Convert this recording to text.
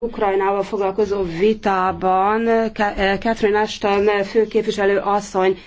Ukrajnával foglalkozó vitában eh, Catherine Ashton főképviselő asszony